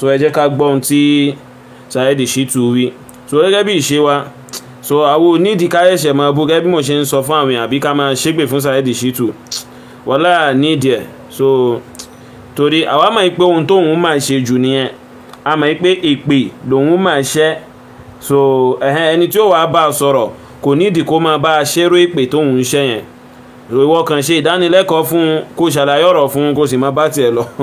so ẹ jẹ́ ká gbọ́ ohun tí Saheed Shittu wí so gẹ́gẹ́ bí ìṣe wa so àwọn onídìí ká ẹ̀ṣẹ̀ máa bú gẹ́gẹ́ bí mo ṣe ń sọ fún àwọn èèyàn àbí ká máa ṣépè fún Saheed Shittu wọ́lá nídìí ẹ̀ so torí àwa máa ń pé ohun tóun máa ṣe jù nìyẹn a máa ń pé èpè lòun máa ṣẹ́ so ẹni tí ó wàá bá a sọ̀rọ̀ kò nídìí kó máa bá a ṣerú èpè tóun ń ṣe yẹn ìwọ kàn ṣe ìdánilẹ́kọ̀ọ́ fún un kó ṣàlàyé ọ̀rọ̀ fún un kó sì máa bá tiẹ̀ lọ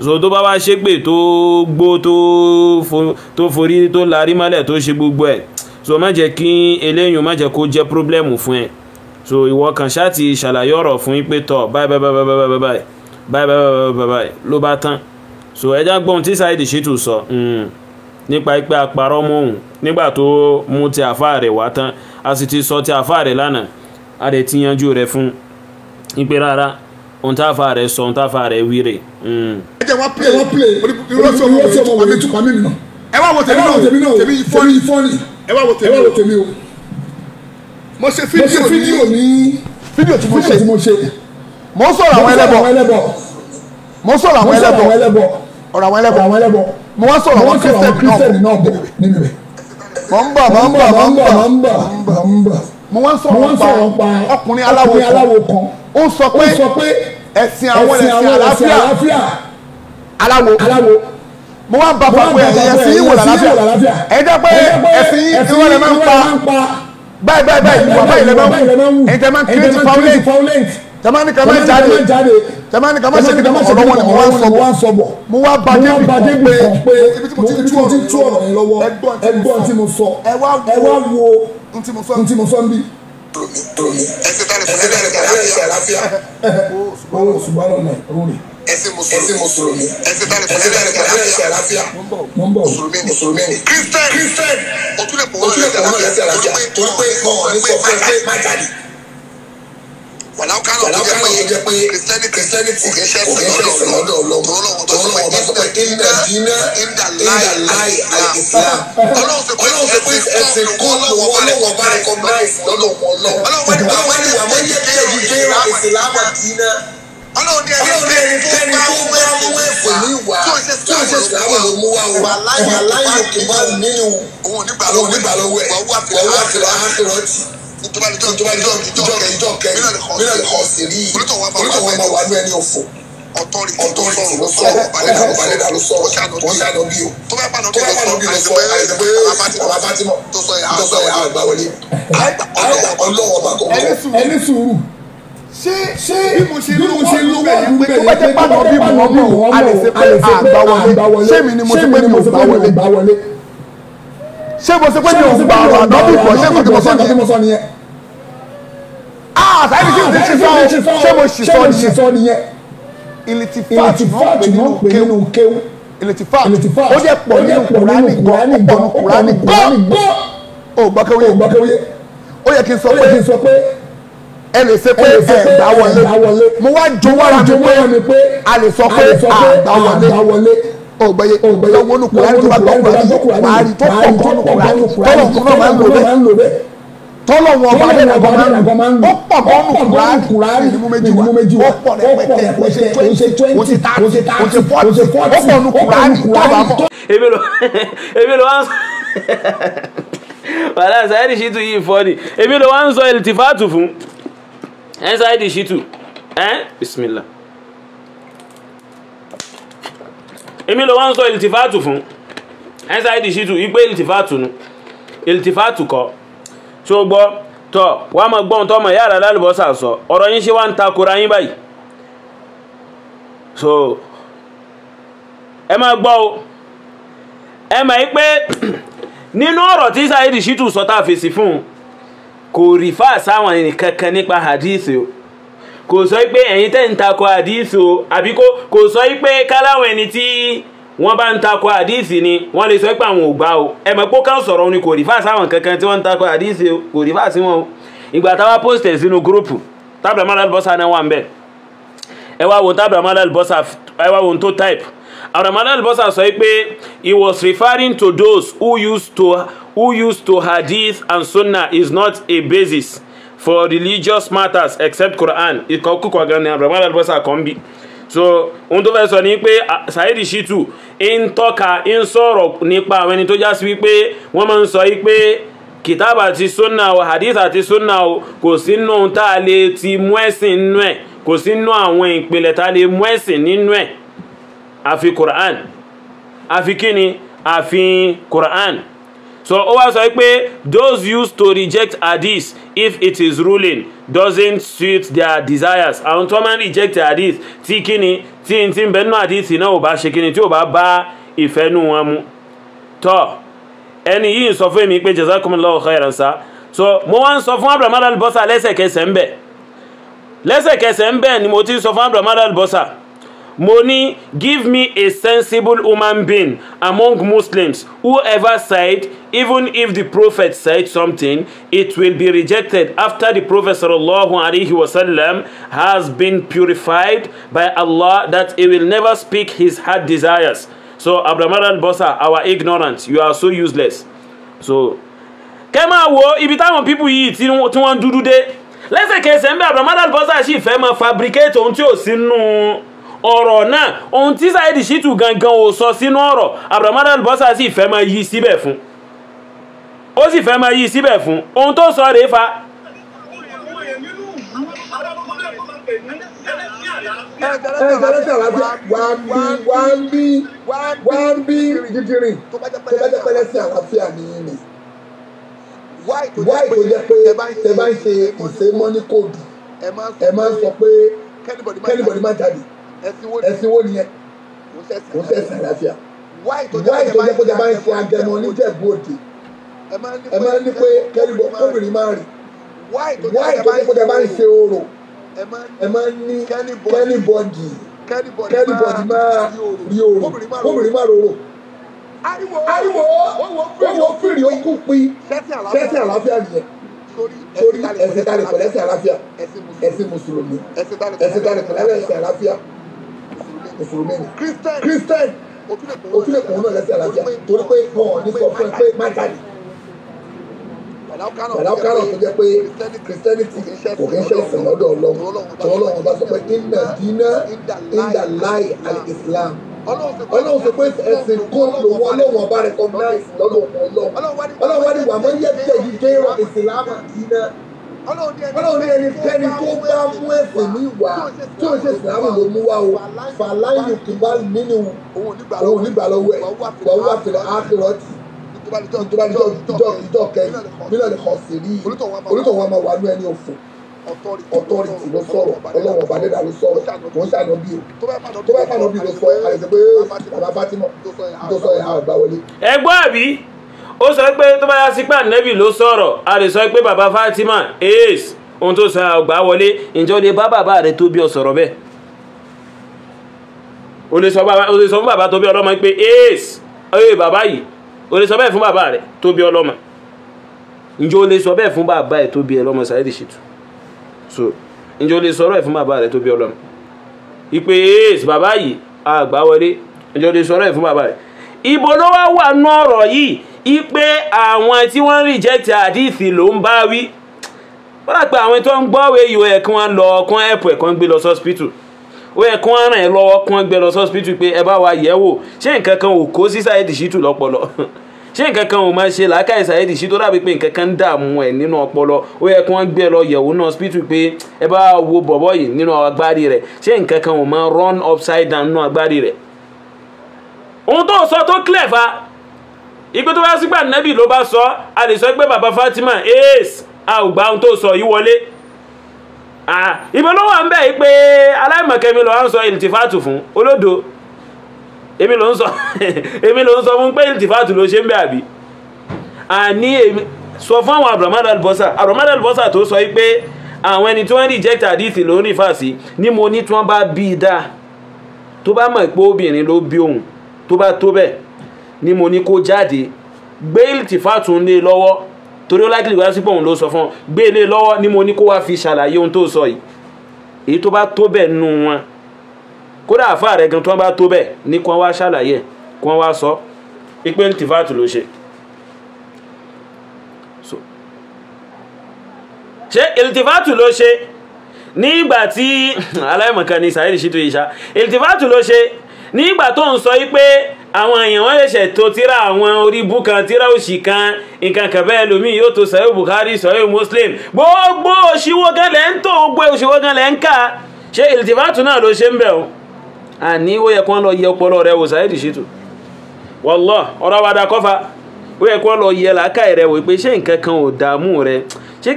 so tó bá wá ṣépè tó gbó tó forí tó larí mọ́lẹ̀ tó ṣe gbogbo ẹ̀ so má jẹ́ kí eléyìn má jẹ́ kó jẹ́ pírọ́blẹ́mù fún ẹ so ìwọ kan ṣáà ti ṣàlàyé ọ̀rọ̀ fún pé tọ̀ báyìí báyìí báyìí báyìí báyìí báyìí báyìí báyìí ló bá tán so ẹja gbọ́n tí Saidi Shittu sọ nípa pé apàrọ̀ mọ́ òun nígbà tó mú ti àfa rẹ̀ wá tán a sì ti sọ ti àfa rẹ̀ lánàá a rẹ̀ ti yanjú rẹ̀ fún ipe rárá ohun tá a fa rẹ̀ sọ ohun tá a rẹ̀ wí rè jẹ́ wọ́n play wọ́n play ìrọsí ọmọ wòye tó pàmì tó pàmì nìyẹn. ẹ wá wo tèmi náà tèmi yìí fọ́ọ̀nì ẹ wá wo tèmi o. mo ṣe fídíò ní fídíò tí mo ṣe mo sọ̀rọ̀ àwọn ẹlẹ́bọ̀ mo sọ̀rọ̀ àwọn ẹlẹ́bọ̀ ọ̀rọ̀ àwọn ẹlẹ́bọ̀ mo wá sọ̀rọ̀ àwọn kírísítẹ̀nì náà bọ̀ nínú rẹ̀ mọ̀ ń bà mọ̀ ń bà mọ̀ ń bà mọ̀ ń bà mo wá sọ̀rọ̀ ọkùnrin aláwo kan ó sọ pé ẹ̀sìn àwọn ẹ̀sìn àlàáfíà aláwo mo wá ń bá pàpọ̀ ẹ̀yẹ sí ìwò làlàáfíà ẹ̀yìn tẹ́ pé ẹ̀sìn ìwọ lè máa ń pa báyìí báyìí báyìí ìwà báyìí lè máa ń wù ẹ̀yìn tẹ́ máa ń kírètì fáwọlẹ́ǹtì tẹ́ máa ń ní ká máa jáde tẹ́ máa ń ní ká máa ṣe kíkọ́ ọ̀rọ̀ wọn ni mo wá ń sọ bọ̀ mo wá bá débi kan pé ibi tí mo ti tú ọ̀rọ̀ yẹn lọ́wọ́ ẹgbọ́n tí mo sọ ẹ wá wo ohun tí mo sọ ń bí ẹgbẹ́ bá rẹ̀ fún ẹgbẹ́ rẹ̀ ẹsìn mùsùlùmí ẹsìn tálẹ̀ pẹ̀lú ẹsẹ̀ àlàáfíà mùsùlùmí ni kírísítẹ́nì òtúlẹ̀ pọ̀ wọ́n lẹ́sẹ̀ àlàáfíà torí pé wọ́n ní sọ fún ẹ pé má jáde. wàláwù kárọ̀ tó jẹ́ pé kírísítẹ́nì kò kí ń ṣe ẹ̀sìn lọ́dọ̀ ọlọ́run tó lọ́wọ́ bá sọ pé ìndà dínà ìndà láì àìsàn ọlọ́run ṣe pé ẹ̀sìn kọ́ lọ́wọ́ bá rẹ̀ kọ́ ọlọ́run dé ẹnikẹ́ni tó bá mú ẹni sùúrù ṣé bí mo ṣe lówó pé tó bá jẹ́ pàtó bí mo wọ́n mọ̀ a lè ṣe pé àgbà wọlé ṣé mi ni mo ṣe pé mi ò gbà wọlé ṣé mo ṣe pé mi ò gbà wọlé àná bí ìbọn ṣé kò mo sọ nìyẹn. a sáyẹ́bí tí mo ti sọ ṣé mo sì sọ nìyẹn. ìlìtìfáàtì náà pè nínú kéwù ìlìtìfáàtì ó jẹ́ pọ̀ nínú kùránì gbọ́ ọ̀gbọ́n kùránì gbọ́ ó yẹ kí n sọ pé ẹ lè ṣe pé ẹ gbà wọlé mo wá jọ̀wọ́ mi pé a lè sọ pé àgbà wọlé ògbẹ́yẹ lọ́wọ́ olùkùnrin tó bá gbọ́ kùnrin wàá rí tó pọ̀ kọ́ olùkùnrin tọ́lọ̀ tó náà máa ń lò bẹ́ẹ̀ tọ́lọ̀ wọn ọba bẹ́ẹ̀ nìkan máa ń lò ó pọ̀ kọ́ olùkùnrin ní mú méjì wá ó pọ̀ rẹpẹtẹ ó ṣe twenty ó ṣe thirty ó ṣe forty ó pọ̀ olùkùnrin tó bá mọ̀. èmi ló èmi ló wá ń sọ wàhálà sáyẹ́dì ṣì tún yìí fọ́ ni èmi ló wá ń sọ ìlìtìfáàtù fún inside the shitu eh? bismillah èmi ló wá sọ ìlìtìfáàtù fún inside the shitu ipé ìlìtìfáàtù nu ìlìtìfáàtù kọ tí ó gbọ́ tọ́ wàá mọ̀ gbọ́n tọ́ mọ̀ yàrá lálùbọ́sà sọ ọ̀rọ̀ yín ṣe wá ń takora yín báyìí so ẹ máa gbọ́ o ẹ mọ̀ yí pé nínú ọ̀rọ̀ tí Saheed Shittu sọ tá a fèsì fún un kò rìfà sáwọn ẹnìkankan nípa hadith o kò sọ pé ẹ̀yin tẹ́ ń takò hadith o àbí kò sọ pé káláwọn ẹni tí wọ́n bá ń takò hadith ni wọ́n lè sọ pé àwọn ò o ẹ mọ̀ pé ó kàn sọ̀rọ̀ ni kò rìfà sáwọn kankan tí wọ́n ń takò hadith o kò rìfà sí wọn o ìgbà táwa post ẹ̀ sínú gúrúùpù tábìlì amálàlbọ́sà náà wà ń bẹ̀ ẹ wá wo tábìlì amálàlbọ́sà ẹ wá wo tó type Ramana Albosa sọ pé he was referring to those who used to who used to hadith and sunnah is not a basis for religious matters except Quran ìkọkúkọ gan ni Ramana Albosa kan bí so ohun tó fẹ́ sọ ni pé Saheed Shittu ń tọ́ka ń sọ̀rọ̀ nípa àwọn ẹni tó já sí wípé wọ́n máa ń sọ wípé kìtàbà àti sunna o hadith àti sunna o kò sí nù tá a lè ti mú ẹ̀sìn nínú ẹ̀ kò sí àwọn ìpìlẹ̀ tá a lè mú ẹ̀sìn nínú ẹ̀ àfi Qur'an àfi kíni àfi Qur'an so ó wá sọ pé those used to reject hadith if it is ruling doesn't suit their desires àwọn tó máa ń reject hadith tí kíni tí n tí ń bẹ hadith náà ò bá ṣe kíni tí ò bá bá ìfẹ́nu wọn mu tọ́ ẹni yìí ń sọ fún èmi pé jazakumullahu khairan sa so mo wá ń sọ fún Abraham al-Bosa lẹ́sẹ̀kẹsẹ̀ ń bẹ̀ lẹ́sẹ̀kẹsẹ̀ ń bẹ̀ ni mo ti ń sọ fún Abraham al-Bosa mo ní give me a sensible human being among Muslims whoever said even if the prophet said something it will be rejected after the prophet sallallahu alaihi wasallam has been purified by Allah that he will never speak his heart desires so Al bosa our ignorance you are so useless so kẹ́ máa wo ibi táwọn pípù yìí tí wọ́n dúdú dé lẹ́sẹ̀kẹsẹ̀ ń bẹ abdulhamid bosa sì fẹ́ máa fabricate ohun tí ò sínú ọ̀rọ̀ náà ohun tí Saheed Shittu gangan ò sọ sínú ọ̀rọ̀ Abdulrahman Albusa sì fẹ́ máa yí síbẹ̀ fún ó sì fẹ́ máa yí síbẹ̀ fún ohun tó sọ rèé fa ẹ gbàdá sí àlàáfíà wà ń bí wà ń bí wà ń bí gidigidi tó bá jẹ́ pẹ́lẹ́ sí àlàáfíà ní ilẹ̀. pé ẹ bá ń ṣe ìṣe mọ́níkòdù ẹ máa ń sọ pé kẹ́nìbọ̀dì má jáde ẹ̀sìn wo nìyẹn kò ń sẹ̀sìn àlàáfíà wáì tó jẹ́ pé bá ń ṣe agẹmọ níjẹ̀bú òde ẹ máa ń ní pé kẹ́rìbọ̀ kóbìnrin máa rìn wáì tó jẹ́ pé bá ń ṣe orò ẹ máa ń ní kẹ́rìbọ̀dì kẹ́rìbọ̀dì máa rí orò kóbìnrin máa rorò ariwo owó fìrì okú pin sẹ́sìn àlàáfíà nìyẹn torí ẹ̀sìn tálẹ̀ pẹ̀lẹ́sìn àlàáfíà ẹ̀sìn mùsùlùmí ẹ̀sìn tálẹ̀ pẹ̀lẹ́sìn àlàáfíà mùsùlùmí ni christian òtún lè kùn náà lẹ́sẹ̀ àlàáfíà torí pé wọn ò ní sọ fún ẹ pé má jáde pẹ̀láwó kárọ̀ tó jẹ́ pé christianity kò kí ń ṣe ìsìn lọ́dọ̀ ọlọ́run tí ọlọ́run bá sọ pé inna dina inda lai al-islam ọlọ́run sọ pé ẹ̀sìn kan lòun ọlọ́run ọba recognize lọ́dọ̀ ọlọ́run ọlọ́run wá ní wàmọ́ yẹ́ tẹ̀yí dẹ́rọ ìsìlámù dina ọlọ́run ní ẹnikẹ́ni tó bá mú ẹ̀sìn mi wá tí òun ṣe sàmù ló mú wá o fàlàyé kì bá nínú òun nígbà lọ́wọ́ ẹ̀ wọ́n wá fìlà áfìrọ́tì ìjọba ìjọ kẹyìn mílíọ̀nù kan sì rí olùtọ̀wọ́ wa máa wà ní ẹni òfò ọtọrìtì ló sọ̀rọ̀ ọlọ́run ọba dẹdà ló sọ̀rọ̀ kò ń ṣàná bí o tó bá fànà bí ló sọ àyẹsẹ pé bàbá Fatima tó sọ yà á gbà wọlé. ẹ gbọ́ àbí ó sọ pé tó bá yá sí pé ànábì ló sọ̀rọ̀ a lè sọ pé bàbá Fatima ace ohun tó sọ àgbà wọlé ǹjẹ́ o lè bá bàbá rẹ tó bí ọ sọ̀rọ̀ bẹ́ẹ̀ o lè sọ fún bàbá tó bí ọlọ́mọ pé ace oye bàbá yìí o lè sọ bẹ́ẹ̀ fún bàbá rẹ tó bí ọlọ́mọ ǹjẹ́ lè sọ bẹ́ẹ̀ fún bàbá ẹ tó bí ọlọ́mọ Saheed Shittu so ǹjẹ́ o lè sọ̀rọ̀ ẹ̀ fún bàbá rẹ tó bí ọlọ́mọ ìpè ace bàbá yìí àgbà wọlé ǹjẹ́ o lè sọ̀rọ̀ fún bàbá rẹ ibo ló wá wà nú ọ̀rọ̀ yìí ipe àwọn tí wọ́n reject àdìsí ló ń bá wí wọ́n lápẹ́ àwọn tó ń gbọ́wé yìí ó yẹ kí wọ́n lọ kán ẹ̀pù ẹ̀kan gbé lọ sọ́spítù ó yẹ kí wọ́n ràn ẹ́ lọ́wọ́ kán gbé lọ sọ́spítù pé ẹ bá wa yẹ̀ wò ṣé nǹkan kan ò kó sí Saheed Shittu lọ́pọlọ ṣé nǹkan kan ò máa ṣe làákàyè Saheed Shittu dàbí pé nǹkan kan ń dààmú ẹ̀ nínú ọpọlọ ó yẹ kí wọ́n gbé lọ yẹ̀wò náà sọ́spítù pé ẹ bá wo bọ̀bọ̀ yìí nínú agbárí rẹ̀ ṣé nǹkan kan ò máa run upside down nínú agbárí rẹ̀ ohun tó sọ tó clear fa ìpé tó bá sígbà nẹ́bì ló bá sọ a lè sọ pé bàbá Fatima ace a ò gbà ohun tó sọ yìí wọlé ìbọn ló wà ń bẹ̀ pé aláìmọ̀kẹ́mi ló ń sọ ìlìtìfàtù fún olódo èmi ló ń sọ èmi ló ń sọ fún pé ìlìtìfàtù ló ṣe ń bẹ̀ àbí àní sọ fún àwọn abramadu albosa abramadu albosa tó sọ pé àwọn ẹni tí wọ́n reject àdìsí ló ń rìfà sí ni mo ní tí wọ́n bá bí i dáa tó bá mọ̀ pé obìnrin ló bí òun tó bá tó bẹ́ẹ̀ ni mo ní kó jáde gbé ìlìtìfàtù lé lọ́wọ́ torí ó láìkìlì wá sípò òun ló sọ fún gbé e lé lọ́wọ́ ni mo ní kó wá fi ṣàlàyé ohun tó sọ yìí èyí tó bá tó bẹ́ẹ̀ nù wọn kódà àfa rẹ̀ gan tó bá tó bẹ́ẹ̀ ní kó wá ṣàlàyé kó wá sọ ipe ìlìtìfàtù ló ṣe. ṣé ìlìtìfàtù ló ṣe nígbà tí aláìmọ̀kan ni sàyẹ́dì ṣètò ìṣá ìlìtìfàtù ló ṣe nígbà tó ń sọ yìí pé àwọn èèyàn wọ́n ṣẹ̀ṣẹ̀ tó tíra àwọn orí bú kan tíra òṣì kan nǹkan kan bẹ́ẹ̀ lómi yóò tó sọ̀rọ̀ Bukhari sọ̀rọ̀ Muslim gbogbo òṣìwọ́ gan lẹ́ ń tó gbogbo òṣìwọ́ gan lẹ́ ń kà ṣé ìlìtìfàtù náà ló ṣe ń bẹ̀ o àní ó yẹ kí wọ́n lọ yẹ ọpọlọ rẹ wò Saheed Shittu wọ́lọ́ ọ̀rọ̀ wa da kọ́fà ó kan ò dààmú rẹ ṣé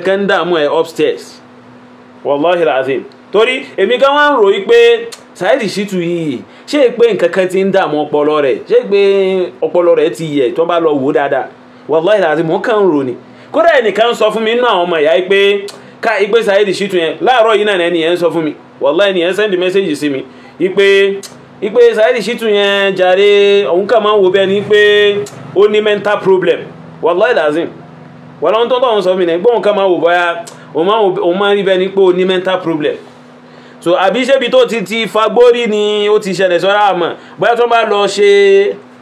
kan ń upstairs wallahi alazim torí èmi gan wá ń ròyìn pé Saheed tu yìí ṣé pé nǹkan kan ti ń dààmú ọpọlọ rẹ̀ ṣé pé ọpọlọ rẹ̀ ti yẹ̀ tó bá lọ wò dáadáa wàláhì láti mọ̀ kàn ń rò ni kódà ẹnìkan sọ fún mi nínú àwọn ọmọ ìyá yìí pé ká ìpè Saheed Shittu yẹn láàárọ̀ yìí náà ẹni yẹn sọ fún mi wàláhì ẹni yẹn sẹ́ndì mẹ́sẹ́jì sí mi ìpè ìpè Saheed Shittu yẹn jàre òun kàn máa ń wo bẹ́ẹ̀ ni pé ó ní mental problem wàláhì láti wàláhì tó ń tọ́ so àbí ṣébi tó ti ti fagbórí ni ó ti ṣẹlẹ̀ sọ́ra àmọ́ bóyá tó bá lọ ṣe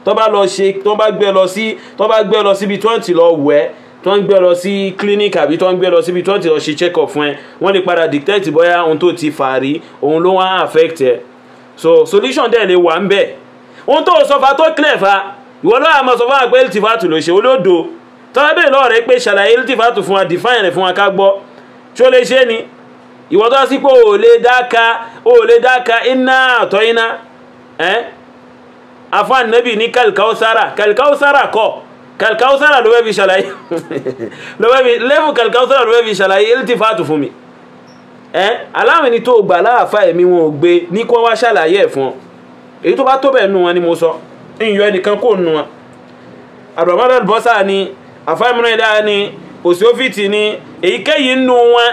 tó bá lọ ṣe tó bá gbé lọ sí tó bá gbé lọ síbi tó ń tì lọ wẹ̀ tó ń gbé lọ sí clinic àbí tó ń gbé lọ síbi tó ń tì lọ ṣe check up fún ẹ wọ́n lè padà dictate bóyá ohun tó ti fà rí òun ló wá affect ẹ so solution dẹ̀ lè wà ń bẹ̀ ohun tó sọfà tó clear fa ìwọ lọ́wọ́ àmọ́ sọfà àgbẹ̀ iltifatu ló ṣe olódo tọ́lábẹ̀ lọ́ọ̀rẹ́ pé ṣàlàyé iltifatu fún wa define rẹ̀ fún wa ká gbọ́ tí ó lè ṣe ni ìwọ tó sí pé ò lè dáka ò lè dáka iná àtọ́ iná ẹ́ afán nábì ní kalkausara kalkausara kọ kalkausara ló bẹ́ẹ̀ fi ṣàlàyé lẹ́fù kalkausara ló bẹ́ẹ̀ fi ṣàlàyé iltifatu fún mi ẹ́ aláwọn ẹni tó gbà láàfà ẹ̀mí wọn ò gbé ní kí wọ́n wá ṣàlàyé ẹ̀ fún èyí tó bá tó bẹ́ẹ̀ nù wọn ni mo sọ ìyọ ẹnìkan kò nù wọn abdulhamid bọ́sà ni afáìmúnáìdá ni òsíófìtì ni èyíkéyìí nù wọn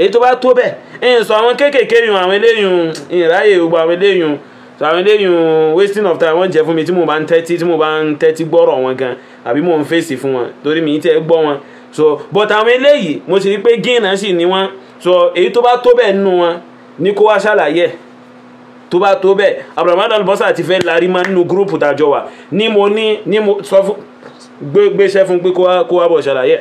èyí tó bá tó bẹ̀ ìyìnsọ àwọn kéékèèké yun àwọn eléyun ìráyè gbogbo àwọn eléyun so àwọn eléyun wasting of time wọ́n jẹ́ fún mi tí mo bá ń tẹ́tí tí mo bá ń tẹ́tí gbọ́rọ̀ wọn gan àbí mo ń fèsì fún wọn torí mi tẹ́ gbọ́ wọn so but àwọn eléyìí mo sì rí pé gíìnà sì ní wọn so èyí tó bá tó bẹ̀ nínú wọn ní kó wá ṣàlàyé tó bá tó bẹ́ẹ̀ abdulhamid albosa ti fẹ́ larí máa nínú gúrúùpù tàjọ wà ní mo ní ní mo sọ fún gbéṣẹ́ fún pé kó wá bọ̀ ṣàlàyé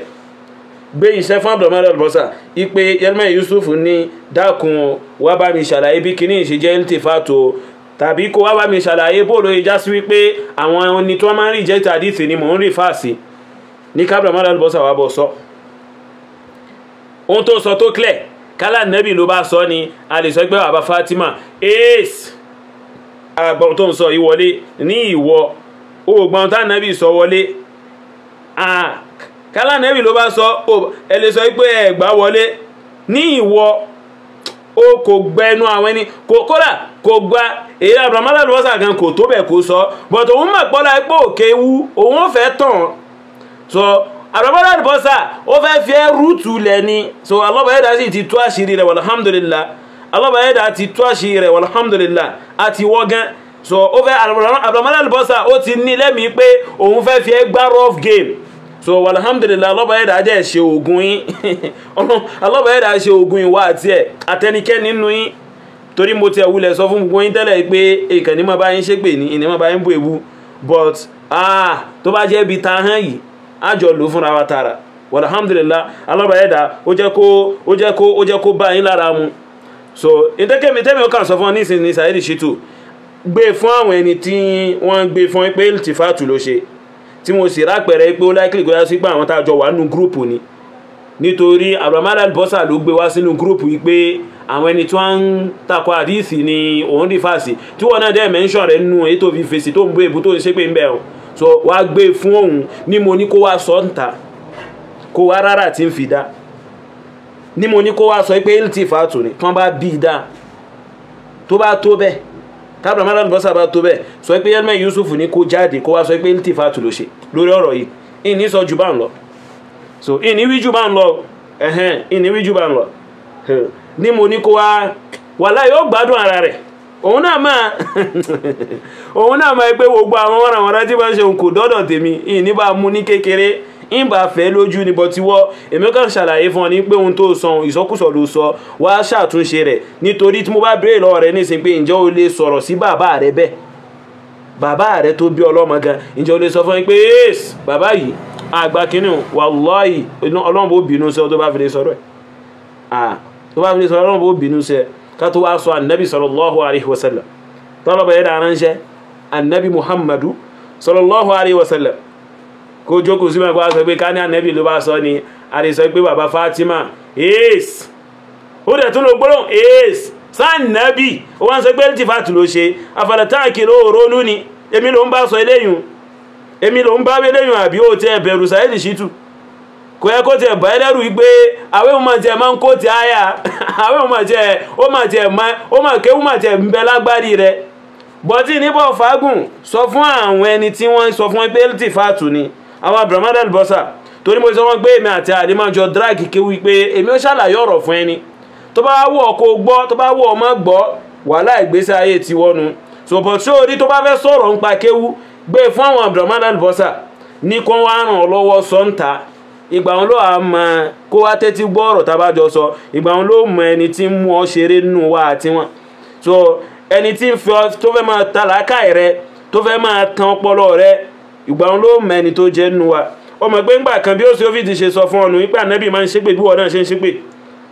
gbé iṣẹ́ fún abdulhamid albosa ipe yelma yusuf ní dákun wá bá mi ṣàlàyé bí kíní ìṣe jẹ́ iltifato tàbí kó wá bá mi ṣàlàyé bóòlù ìjà sí wípé àwọn ẹni tí wọ́n máa ń rí jẹ́ tàdíìsì ni mò ń rí fáàsì ní ká abdulhamid albosa wá bọ̀ sọ ohun tó sọ tó clear kálá nẹ́bì ló bá sọ ni a lè sọ pé bàbá fatima ace àgbọ̀n tó ń sọ ìwọlé ní ìwọ ògbọ̀n tá nẹ́bì sọ wọlé ah, kálá nẹ́bì ló bá sọ ẹ lè sọ pé ẹ gbà wọlé ní ìwọ o kò gbẹnu àwọn ẹni kò kódà kò gba èyí abdulhamadu alubasa gan kò tó bẹ̀ kó sọ bọ̀tọ̀ òun mọ̀ pọ́lá pé òkè wú òun fẹ́ tàn sọ abdulhamadu alubasa ó fẹ́ fi ẹ́ lẹ̀ ni so alọ́bàá ẹ̀dá sì ti tú àṣírí rẹ̀ walhamdulillah alọ́bàá ẹ̀dá ti tú àṣírí rẹ̀ walhamdulillah àti wọ́gán so ó fẹ́ abdulhamadu alubasa ó ti ní lẹ́mìí pé òun fẹ́ fi ẹ́ gbá rough game so alhamdulillah ọlọ́ba ẹ̀dá jẹ́ ṣe oògùn yín ọlọ́ba ẹ̀dá ṣe oògùn ìwà àti ẹ̀ àtẹnikẹ́ni nínú yín torí mo ti ẹ̀wulẹ̀ sọ fún gbogbo yín tẹ́lẹ̀ pé èkàn ní máa bá yín ṣépè ní ìní máa bá yín bú ewu but ah tó bá jẹ́ ibi ta hàn yìí á jọ lò fúnra wa tààrà alhamdulillah ọlọ́ba ẹ̀dá ó jẹ́ kó ó jẹ́ kó ó jẹ́ kó bá yín lára mu so ìtẹ́kẹ́mi tẹ́mi ó kàn sọ fún ọ nísìnyí Saheed Shittu gbé fún àwọn ẹni tí wọ́n gbé fún pé tìfátù ló ṣe tí mo sì rápẹ̀rẹ̀ pé ó láìkìlì kó yá sí pé àwọn tá a jọ wà nínú gúrùpù ni nítorí abdulhamid bọ́sà ló gbé wá sínú gúrùpù yìí pé àwọn ẹni tí wọ́n ń takọ àdíìsì ni òun dì fàṣì tí wọ́n náà dẹ́ mẹ́ńsọ̀n rẹ̀ nínú ètò òfin fèsì tó ń bú èbú tó ń ṣépè ń bẹ̀ ọ́ so wá gbé e fún òun ní mo ní kó wá sọ ń ta kó wá rárá tí ń fi dá ní mo ní kó wá sọ pé ilti fàtò tí wọ́n bá bí i dá tó bá tó bẹ́ẹ̀ tábìlì Ramadan Alubọ́sà bá tó bẹ́ẹ̀ sọ pé Elme Yusuf ní kó jáde kó wá sọ pé iltifat ló ṣe lórí ọ̀rọ̀ yìí ìní sọ jù bá ń lọ so ìní wí jù bá ń lọ ẹ̀hẹ́n ìní wí jù ń lọ ní mo ní kó wá wàhálà yóò gbádùn ara rẹ̀ òun náà máa òun náà máa pé gbogbo àwọn wàràwàrà tí wọ́n ṣe òun kò dọ́dọ̀ tèmi ìní bá mú ní kékeré ń bá fẹ́ lójú níbọ̀ tí wọ́ èmi kàn ṣàlàyé fún ọ ní pé ohun tó sọ ìsọkúsọ ló sọ wá ṣàtúnṣe rẹ̀ nítorí tí mo bá béèrè lọ́wọ́ rẹ nísìnyí pé ǹjẹ́ o lè sọ̀rọ̀ sí bàbá rẹ bẹ́ẹ̀ bàbá rẹ tó bí ọlọ́mọ gan ǹjẹ́ o lè sọ fún mi pé yes bàbá yìí àgbà kínní wàláhì ọlọ́run bó bínú sẹ́ tó bá fi sọ̀rọ̀ ẹ̀ tó alaihi wasallam tọ́lọ́bà yẹn dáná ń ṣe ànábì muhammadu sallallahu alaihi wasallam kó jókòó síbẹ̀ kó wá sọ pé kání ànẹ́bì ló bá sọ ni a lè sọ pé bàbá Fatima ace ó dẹ̀ tún lo gbólóhùn ace sànẹ́bì ó wá ń sọ pé tí fàtì ló ṣe àfàlẹ̀ táàkì ló rólú ni èmi ló ń bá sọ eléyìn èmi ló ń bá eléyìn àbí ó tiẹ̀ bẹ̀rù Saheed Shittu kò yẹ kó tiẹ̀ bọ́ ẹlẹ́rù wípé àwọn èèyàn máa tiẹ̀ máa ń kó ti àyà àwọn èèyàn máa tiẹ̀ ó máa tiẹ̀ ó máa kéwú máa tiẹ̀ ń bẹ lágbárí rẹ̀ bọ́tí níbọ̀ fagùn sọ fún àwọn ẹni tí wọ́n sọ fún pé tí fàtù ni àwọn abdulrahman albosa torí mo sọ wọn pé èmi àti àdèmàjọ drag kéwì pé èmi ó ṣàlàyé ọ̀rọ̀ fún ẹni tó bá wọ̀ kó gbọ́ tó bá wọ̀ ọmọ gbọ́ wàhálà ìgbésí ayé ti wọnu sọ̀pọ̀ tí ó rí tó bá fẹ́ sọ̀rọ̀ nípa kéwù gbé e fún àwọn abdulrahman albosa ní kó wá ràn ọ́ lọ́wọ́ sọ́ńtà ìgbà wọn ló à mọ kó wá tẹ́tí gbọ́ ọ̀rọ̀ tá a tó fẹ́ máa ta rẹ tó fẹ́ máa tan ọpọlọ rẹ ìgbà òun ló mẹ́ni tó jẹ́ nù wa ó mọ̀ pé ńgbà kan bí ó sì ó fi ti ṣe sọ fún ọnù wípé ànábì máa ń ṣépè bí wọn náà ṣe ń ṣépè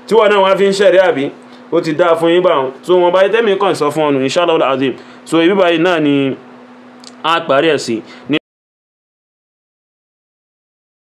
tí wọn náà wá fi ń ṣẹ̀rí àbí ó ti dáa fún yín bá wọn so wọn báyìí tẹ́mi kàn sọ fún ọnù inshallah alazim so ibi báyìí náà ni a parí ẹ̀ sí.